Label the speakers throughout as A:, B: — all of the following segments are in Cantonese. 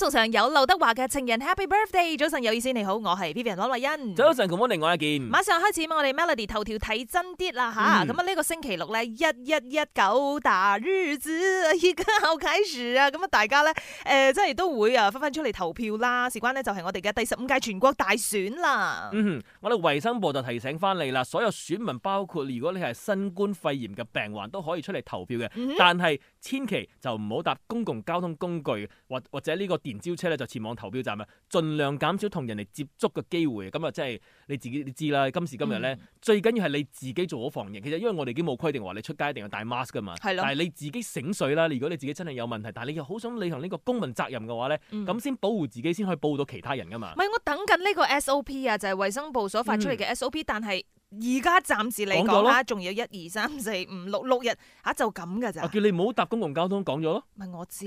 A: 仲上有劉德華嘅情人 Happy Birthday，早晨有意思你好，我係 Vivian 羅麗欣。早
B: 晨，同我另外一件。馬
A: 上開始我，我哋 Melody 頭條睇真啲啦嚇，咁啊呢個星期六咧，一一一九大日子而家後啟事啊，咁啊大家咧誒，即、呃、係都會啊，紛紛出嚟投票啦。事關呢，就係我哋嘅第十五屆全國大選啦。嗯、
B: 我哋衞生部就提醒返你啦，所有選民包括如果你係新冠肺炎嘅病患都可以出嚟投票嘅，嗯、哼但係千祈就唔好搭公共交通工具或或者呢個電。電召車咧，就前往投票站啊，盡量減少同人哋接觸嘅機會。咁啊、就是，即係你自己你知啦，今時今日咧、嗯、最緊要係你自己做好防疫。其實因為我哋已經冇規定話你出街一定要戴 mask 噶嘛，係咯的。但係你自己醒水啦，如果你自己真係有問題，但係你又好想履行呢個公民責任嘅話咧，咁先、嗯、保護自己先可以報到其他人噶嘛。唔
A: 係、嗯、我等緊呢個 SOP 啊，就係衛生部所發出嚟嘅 SOP，但係。而家暫時嚟講啦，仲有一二三四五六六日嚇、啊、就咁嘅咋？我
B: 叫你唔好搭公共交通，講咗咯。
A: 唔係我知。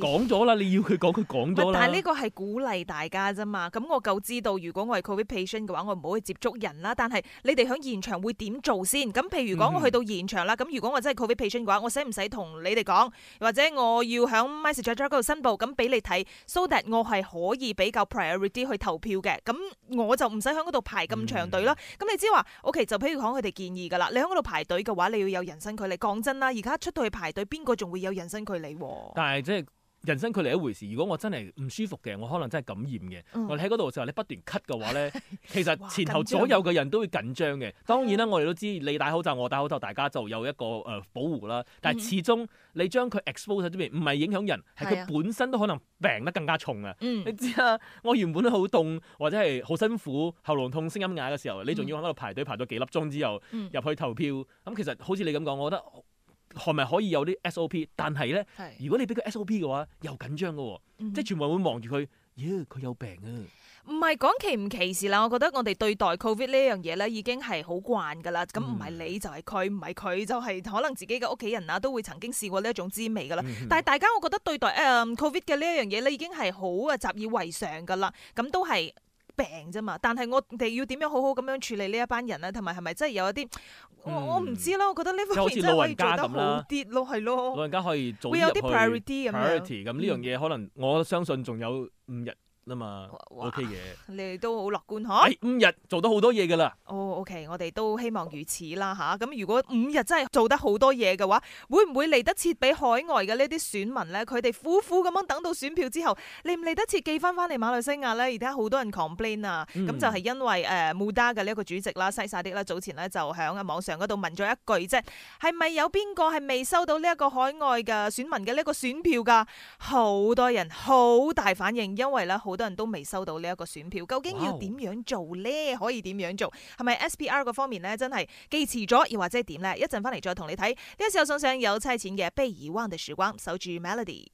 A: 講咗
B: 啦，你要佢講，佢講咗啦。但係呢個
A: 係鼓勵大家啫嘛。咁我夠知道，如果我係 COVID patient 嘅話，我唔好去接觸人啦。但係你哋喺現場會點做先？咁譬如講我去到現場啦，咁、嗯、如果我真係 COVID patient 嘅話，我使唔使同你哋講，或者我要響 myself 嗰度申報，咁俾你睇 so that 我係可以比較 priority 去投票嘅。咁我就唔使喺嗰度排咁長隊啦。咁你，你知話。O.K. 就譬如講佢哋建議噶啦，你喺度排隊嘅話，你要有人身距離。講真啦，而家出到去排隊，邊個仲會有人身距離？
B: 但係即係。人生距離一回事。如果我真係唔舒服嘅，我可能真係感染嘅。嗯、我哋喺嗰度嘅時候，你不斷咳嘅話咧， 其實前後所有嘅人都會緊張嘅。張當然啦，的我哋都知你戴口罩，我戴口罩，大家就有一個誒、呃、保護啦。但係始終你將佢 expose 喺出面，唔係影響人，係佢、嗯、本身都可能病得更加重啊。的你知啊，我原本都好凍或者係好辛苦，喉嚨痛、聲音啞嘅時候，你仲要喺度排隊排到幾粒鐘之後入去投票。咁、嗯、其實好似你咁講，我覺得。係咪可以有啲 SOP？但係咧，是如果你俾佢 SOP 嘅話，又緊張嘅喎、哦，嗯、即係全部會望住佢，咦佢有病啊！唔
A: 係講歧唔歧視啦，我覺得我哋對待 Covid 呢樣嘢咧，已經係好慣嘅啦。咁唔係你就係佢，唔係佢就係可能自己嘅屋企人啊，都會曾經試過呢一種滋味嘅啦。嗯、但係大家我覺得對待誒、嗯、Covid 嘅呢一樣嘢咧，已經係好啊習以為常嘅啦。咁都係。病啫嘛，但係我哋要點樣好好咁樣處理一呢一班人啊，同埋係咪真係有一啲，我、嗯、我唔知啦，我覺得呢方面真係可以做得好啲咯，係咯，的老
B: 人家可以做啲會有啲 pri priority 咁，priority 咁呢樣嘢，嗯、可能我相信仲有五日。啦嘛哇，OK 嘅的，
A: 你哋都好樂觀嗬。哎、
B: 五日做到好多嘢噶啦。
A: 哦、oh，OK，我哋都希望如此啦吓。咁、啊、如果五日真係做得好多嘢嘅話，會唔會嚟得切俾海外嘅呢啲選民咧？佢哋苦苦咁樣等到選票之後，嚟唔嚟得切寄翻翻嚟馬來西亞咧？而家好多人 complain 啊，咁、嗯、就係因為誒 Muda 嘅呢一個主席啦、西沙迪啦，早前咧就響啊網上嗰度問咗一句啫，係咪有邊個係未收到呢一個海外嘅選民嘅呢個選票噶？好多人好大反應，因為咧好。好多人都未收到呢一個選票，究竟要點樣做呢？可以點樣做？係咪 SPR 嗰方面呢？真係記遲咗，又或者係點呢？一陣翻嚟，再同你睇。呢時候送上有差錢嘅《被遺忘的時光》，守住 Melody，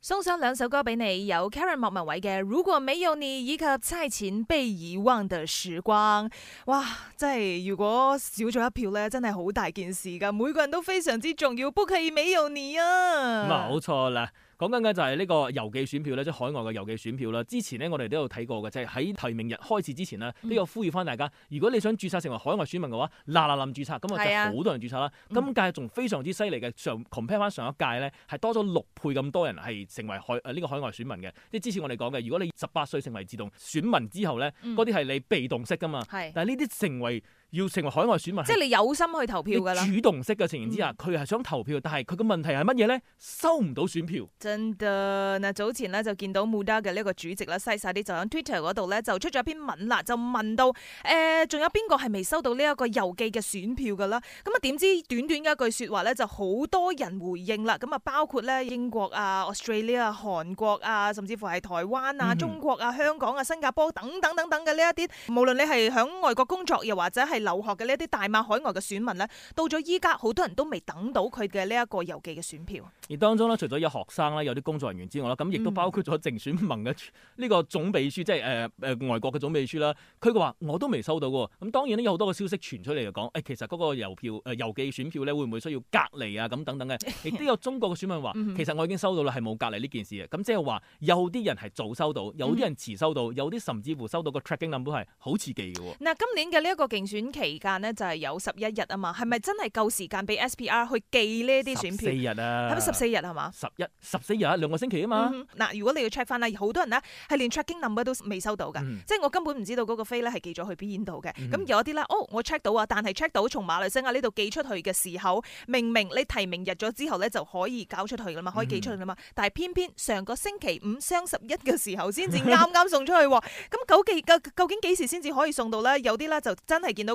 A: 送上兩首歌俾你，有 Karen 莫文蔚嘅《如果沒有你》，以及差錢《被遺忘的時光》。哇，真係如果少咗一票呢，真係好大件事噶。每個人都非常之重要，不可以沒有你啊！冇
B: 錯啦。講緊嘅就係呢個郵寄選票咧，即係海外嘅郵寄選票啦。之前咧，我哋都有睇過嘅，就係喺提名日開始之前啦，都有呼籲翻大家，嗯、如果你想註冊成為海外選民嘅話，嗱嗱臨註冊，咁啊就好多人註冊啦。嗯、今屆仲非常之犀利嘅，上 compare 翻上一屆咧，係多咗六倍咁多人係成為海啊呢個海外選民嘅。即係之前我哋講嘅，如果你十八歲成為自動選民之後咧，嗰啲係你被動式噶嘛。嗯、但係呢啲成為。要成為海外選民，即係你
A: 有心去投票㗎啦。
B: 主動式嘅，情形之下，佢係、嗯、想投票，但係佢嘅問題係乜嘢咧？收唔到選票。
A: 真㗎嗱，早前咧就見到穆達嘅呢一個主席啦，西曬啲就喺 Twitter 嗰度咧就出咗一篇文啦，就問到誒仲、呃、有邊個係未收到呢一個郵寄嘅選票㗎啦？咁啊點知短短嘅一句説話咧，就好多人回應啦。咁啊包括咧英國啊、Australia 啊、韓國啊，甚至乎係台灣啊、嗯、哼中國啊、香港啊、新加坡等等等等嘅呢一啲，無論你係響外國工作又或者係。留學嘅呢一啲大馬海外嘅選民咧，到咗依家好多人都未等到佢嘅呢一個郵寄嘅選票。
B: 而當中咧，除咗有學生啦，有啲工作人員之外啦，咁亦都包括咗淨選盟嘅呢個總秘書，即係誒誒外國嘅總秘書啦。佢嘅話我都未收到喎。咁當然咧，有好多個消息傳出嚟就講，誒、欸、其實嗰個郵票誒、呃、郵寄選票咧，會唔會需要隔離啊？咁等等嘅，亦都有中國嘅選民話， 其實我已經收到啦，係冇隔離呢件事嘅。咁即係話有啲人係早收到，有啲人遲收到，有啲甚至乎收到，收到，乎收到個 tracking number 係好遲寄嘅。
A: 嗱、嗯，今年嘅呢一個競選。期間呢，就係有十一日啊嘛，係咪真係夠時間俾 SPR 去寄呢啲選票？十四日啊，係咪十四日係嘛？
B: 十一十四日啊，兩個星期啊嘛。
A: 嗱、嗯，如果你要 check 翻咧，好多人呢係連 tracking number 都未收到噶，嗯、喲即係我根本唔知道嗰個飛咧係寄咗去邊度嘅。咁、嗯、喲有一啲咧，哦，我 check 到啊，但係 check 到從馬來西亞呢度寄出去嘅時候，明明你提名日咗之後咧就可以搞出去噶嘛，可以寄出去噶嘛。嗯、喲但係偏偏上個星期五雙十一嘅時候先至啱啱送出去喎。咁 究竟究竟幾時先至可以送到咧？有啲咧就真係見到。個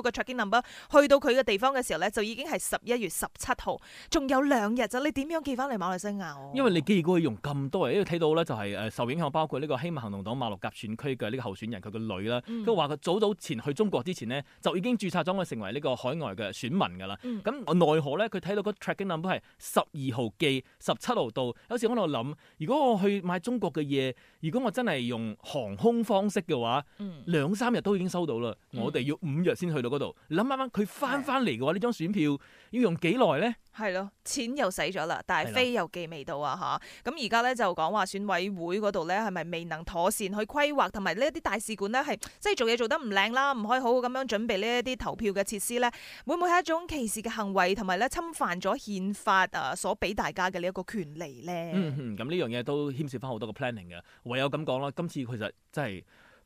A: 去到佢嘅地方嘅時候咧，就已經係十一月十七號，仲有兩日咋，你點樣寄翻嚟馬來西亞？
B: 因為你寄過去用咁多，因為睇到咧就係誒受影響，包括呢個希望行動黨馬六甲選區嘅呢個候選人佢個女啦，佢話佢早早前去中國之前呢，就已經注冊咗佢成為呢個海外嘅選民噶啦。咁奈何咧，佢睇到個 tracking number 係十二號寄，十七號到。有時我喺度諗，如果我去買中國嘅嘢，如果我真係用航空方式嘅話，兩三日都已經收到啦。我哋要五日先去到。.嗰度，你諗啱啱，佢翻翻嚟嘅話，呢張選票要用幾耐咧？
A: 係咯，錢又使咗啦，但係飛又寄未到的啊！吓，咁而家咧就講話選委會嗰度咧，係咪未能妥善去規劃，同埋呢一啲大使館咧，係即係做嘢做得唔靚啦，唔可以好好咁樣準備呢一啲投票嘅設施咧，會唔會係一種歧視嘅行為，同埋咧侵犯咗憲法啊所俾大家嘅呢一個權利咧？嗯，嗯，
B: 咁呢樣嘢都牽涉翻好多個 planning 嘅，唯有咁講啦。今次其實真係。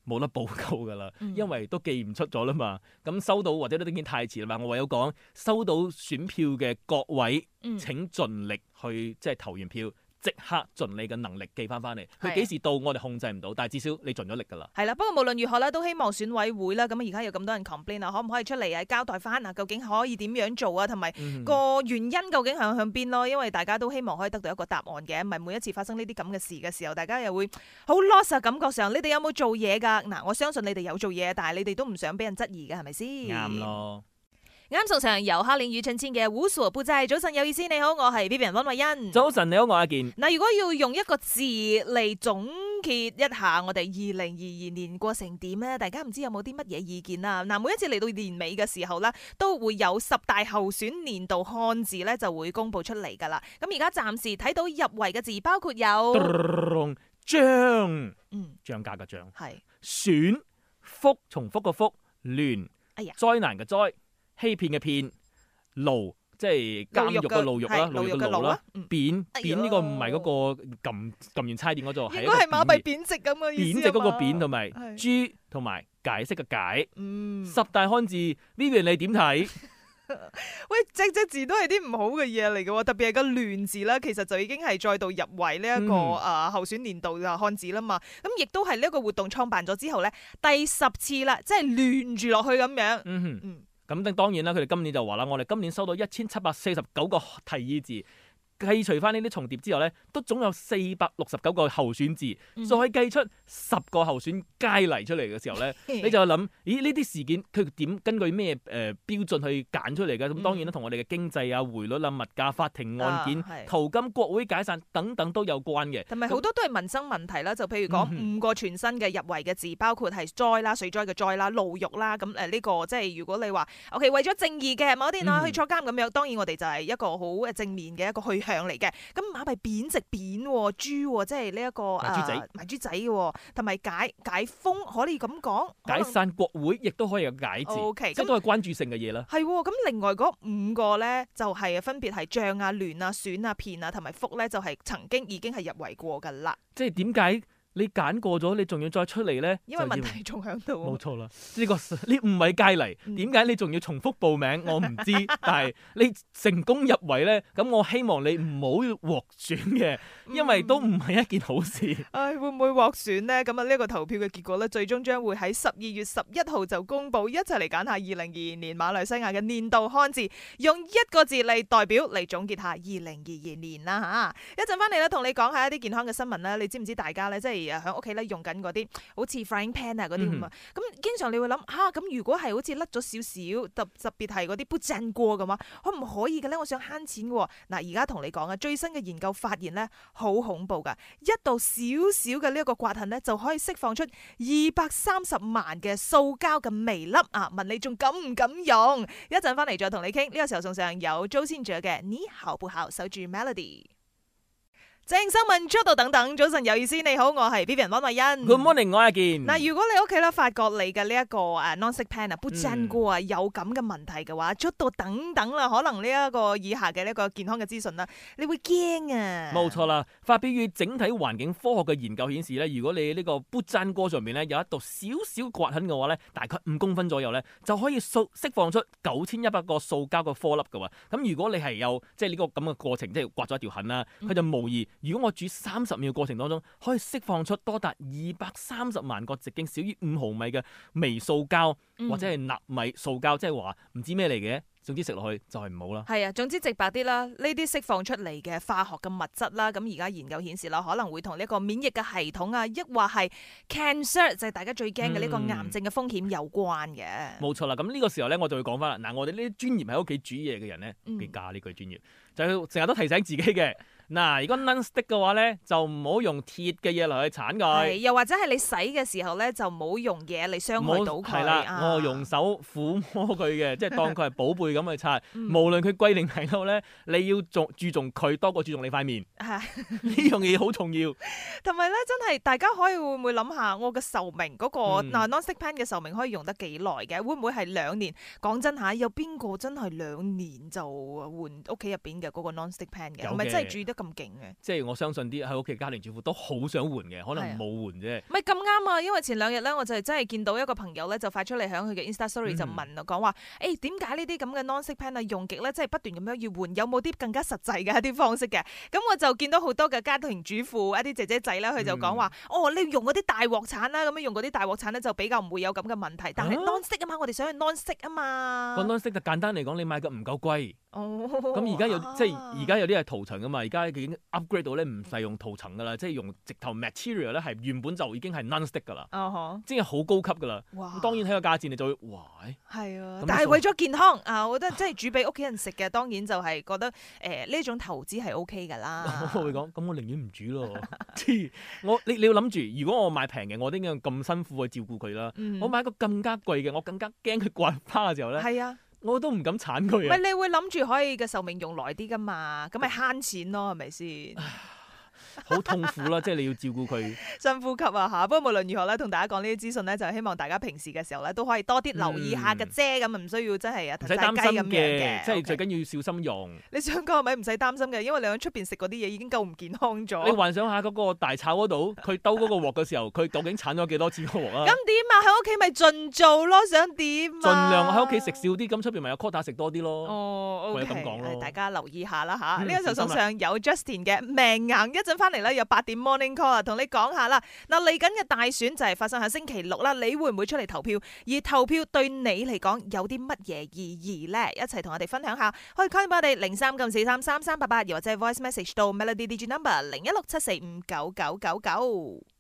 B: 冇得報告㗎啦，因為都記唔出咗啦嘛。咁收到或者都已經太遲啦嘛。我唯有講，收到選票嘅各位，請盡力去即係投完票。即刻盡你嘅能力寄翻翻嚟，佢幾時到我哋控制唔到，的但係至少你盡咗力㗎啦。
A: 係啦，不過無論如何咧，都希望選委會啦。咁而家有咁多人 complain 啊，可唔可以出嚟啊交代翻啊？究竟可以點樣做啊？同埋個原因究竟向向邊咯？因為大家都希望可以得到一個答案嘅，唔係每一次發生呢啲咁嘅事嘅時候，大家又會好 loss 感覺上。你哋有冇做嘢㗎？嗱，我相信你哋有做嘢，但係你哋都唔想俾人質疑嘅，係咪
B: 先？啱咯。
A: 啱送上由客領雨襯衫嘅胡傻布仔，早晨有意思，你好，我係 B B 人温慧欣。
B: 早晨，你好，我阿健。
A: 嗱，如果要用一個字嚟總結一下我哋二零二二年過成點咧，大家唔知有冇啲乜嘢意見啊？嗱，每一次嚟到年尾嘅時候啦，都會有十大候選年度漢字咧就會公布出嚟噶啦。咁而家暫時睇到入圍嘅字，包括有
B: 漲、呃，嗯，漲價嘅漲，係是選，複重複嘅複，亂，哎呀，災難嘅災。欺騙嘅騙，牢，即係監獄嘅牢獄啦，牢獄嘅牢啦。貶貶呢個唔係嗰個撳撳完差點嗰度，應該係馬
A: 幣貶值咁嘅意思咯。貶值嗰個貶，
B: 同埋豬，同埋解釋嘅解，嗯，十大漢字呢邊你點睇？
A: 喂，隻隻字都係啲唔好嘅嘢嚟嘅，特別係個亂字啦，其實就已經係再度入圍呢一個、嗯、啊候選年度嘅漢字啦嘛。咁亦都係呢一個活動創辦咗之後咧，第十次啦，即係亂住落去咁樣。
B: 嗯哼，嗯。嗯咁當然啦，佢哋今年就話啦，我哋今年收到一千七百四十九個提議字。剔除翻呢啲重疊之後咧，都總有四百六十九個候選字，嗯、哼再計出十個候選佳麗出嚟嘅時候咧， 你就諗，咦？呢啲事件佢點根據咩誒、呃、標準去揀出嚟嘅？嗯」咁當然啦，同我哋嘅經濟啊、匯率啦、啊、物價、啊、法庭案件、淘、啊、金、國會解散等等都有關嘅。同埋好
A: 多都係民生問題啦，就譬如講五個全新嘅入圍嘅字，包括係災啦、水災嘅災啦、牢獄啦，咁誒呢個即係如果你話 O.K. 為咗正義嘅某啲人、啊、去坐監咁樣，當然我哋就係一個好正面嘅一,一,一個去。強嚟嘅，咁馬幣貶值貶，豬、哦、即係呢一個誒，賣豬仔嘅，同埋、哦、解解封可以咁講，解
B: 散國會亦都可以有解字，okay, 那即都係關注性嘅嘢啦。係
A: 咁、哦，另外嗰五個咧就係、是、分別係漲啊、亂啊、損啊、騙啊，同埋復咧，就係、是、曾經已經係入圍過噶啦。
B: 即係點解？你揀過咗，你仲要再出嚟呢？因為問題
A: 仲喺度。冇錯
B: 啦，呢個呢五位佳麗，點解、嗯、你仲要重複報名？我唔知， 但係你成功入圍呢，咁我希望你唔好獲選嘅，因為都唔係一件好事。唉、
A: 嗯哎，會唔會獲選呢？咁啊呢一個投票嘅結果呢，最終將會喺十二月十一號就公佈。一齊嚟揀下二零二二年馬來西亞嘅年度漢字，用一個字嚟代表嚟總結下二零二二年啦嚇。一陣翻嚟咧，同你講下一啲健康嘅新聞啦。你知唔知大家呢？即係？喺屋企咧用緊嗰啲好似 frying pan 啊嗰啲咁啊，咁、嗯、經常你會諗嚇，咁、啊、如果係好似甩咗少少，特特別係嗰啲不鏽鋼嘅話，可唔可以嘅咧？我想慳錢喎、哦。嗱，而家同你講啊，最新嘅研究發現咧，好恐怖噶，一度少少嘅呢一個刮痕咧，就可以釋放出二百三十萬嘅塑膠嘅微粒啊！問你仲敢唔敢用？一陣翻嚟再同你傾。呢、這個時候送上有租先者嘅你好不好？守住 Melody。正生問：捉到等等，早晨有意思。你好，我係 Vivian 溫慧欣。Good
B: morning，我阿健。嗱，如
A: 果你屋企咧發覺你嘅呢一個誒 non-stick pan 啊不粘鍋啊有咁嘅問題嘅話，捉到等等啦，可能呢一個以下嘅呢一個健康嘅資訊啦，你會驚啊？冇
B: 錯啦。發表於整體環境科學嘅研究顯示咧，如果你呢個不粘鍋上面咧有一道少少刮痕嘅話咧，大概五公分左右咧，就可以釋釋放出九千一百個塑膠嘅顆粒嘅話，咁如果你係有即係呢個咁嘅過程，即係刮咗一條痕啦，佢就無疑、嗯。如果我煮三十秒過程當中，可以釋放出多達二百三十萬個直徑小於五毫米嘅微塑膠，嗯、或者係納米塑膠，即係話唔知咩嚟嘅。總之食落去就係唔好啦。
A: 係啊、嗯，總之直白啲啦，呢啲釋放出嚟嘅化學嘅物質啦，咁而家研究顯示啦，可能會同呢個免疫嘅系統啊，抑或係 cancer 就係大家最驚嘅呢個癌症嘅風險有關嘅。冇、嗯嗯
B: 嗯、錯啦，咁呢個時候咧，我就會講翻啦。嗱，我哋呢啲專業喺屋企煮嘢嘅人咧，要加呢句專業，就係成日都提醒自己嘅。嗱，如果 nonstick 嘅話咧，就唔好用鐵嘅嘢嚟去鏟佢。又
A: 或者係你洗嘅時候咧，就唔好用嘢嚟傷害到佢。啦，啊、我
B: 用手撫摸佢嘅， 即係當佢係寶貝咁去擦。嗯、無論佢貴定係度咧，你要仲注重佢多過注重你塊面。係、啊，呢樣嘢好重要。
A: 同埋咧，真係大家可以會唔會諗下我，我嘅壽命嗰個，嗱，nonstick pan 嘅壽命可以用得幾耐嘅？會唔會係兩年？講真吓，有邊個真係兩年就換屋企入邊嘅嗰個 nonstick pan 嘅？唔係真係住得。咁勁
B: 嘅，即係我相信啲喺屋企家庭主婦都好想換嘅，可能冇換啫。
A: 唔係咁啱啊，因為前兩日咧，我就真係見到一個朋友咧、嗯欸，就發出嚟喺佢嘅 Insta Story 就問我講話，誒，點解呢啲咁嘅 nonstick pen 啊用極咧，即係不斷咁樣要換，有冇啲更加實際嘅一啲方式嘅？咁我就見到好多嘅家庭主婦一啲姐姐仔咧，佢就講話，嗯、哦，你用嗰啲大鑊鏟啦，咁樣用嗰啲大鑊鏟咧就比較唔會有咁嘅問題。但係 nonstick 啊嘛，啊我哋想去 nonstick 啊嘛。講
B: nonstick 就簡單嚟講，你買嘅唔夠貴。咁而家有、啊、即係而家有啲係塗層噶嘛，而家已經 upgrade 到咧唔使用塗層噶啦，即係用直頭 material 咧係原本就已經係 nonstick 噶啦，啊、哈即係好高級噶啦。咁哇當然喺個價錢你就會哇，係
A: 啊，但係為咗健康啊，我覺得即係煮俾屋企人食嘅， 當然就係覺得誒呢、呃、種投資係 OK 噶啦。 我
B: 同 你講，咁我寧願唔煮咯。我你你要諗住，如果我買平嘅，我點解咁辛苦去照顧佢啦，嗯、我買一個更加貴嘅，我更加驚佢刮花嘅時候咧。係啊。我都唔敢鏟佢啊！咪你
A: 會諗住可以嘅壽命用耐啲㗎嘛？咁咪慳錢咯，係咪先？是
B: 好痛苦啦，即係 你要照顧佢。
A: 深呼吸啊嚇、啊！不過無論如何咧，同大家講呢啲資訊咧，就希望大家平時嘅時候咧都可以多啲留意下嘅啫，咁唔、嗯、需要真係啊騰雞咁嘅，樣即係
B: 最緊要，要小心用。Okay.
A: 你想講係咪唔使擔心嘅？因為你喺出邊食嗰啲嘢已經夠唔健康咗。你幻
B: 想下嗰個大炒鑊度，佢兜嗰個鑊嘅時候，佢究竟鏟咗幾多次個鑊、 嗯、啊？咁
A: 點啊？喺屋企咪盡做咯，想點、啊？盡量喺屋企
B: 食少啲，咁出邊咪有 quota 食多啲咯。
A: 哦，O K。大家留意下啦嚇，呢、啊、個就送上有 Justin 嘅命硬，嗯啊、一陣翻嚟啦，有八點 morning call 啊，同你講下啦。嗱，嚟緊嘅大選就係發生喺星期六啦，你會唔會出嚟投票？而投票對你嚟講有啲乜嘢意義咧？一齊同我哋分享下。可以 call 我哋零三九四三三三八八，又或者係 voice message 到 melody digit number 零一六七四五九九九九。99 99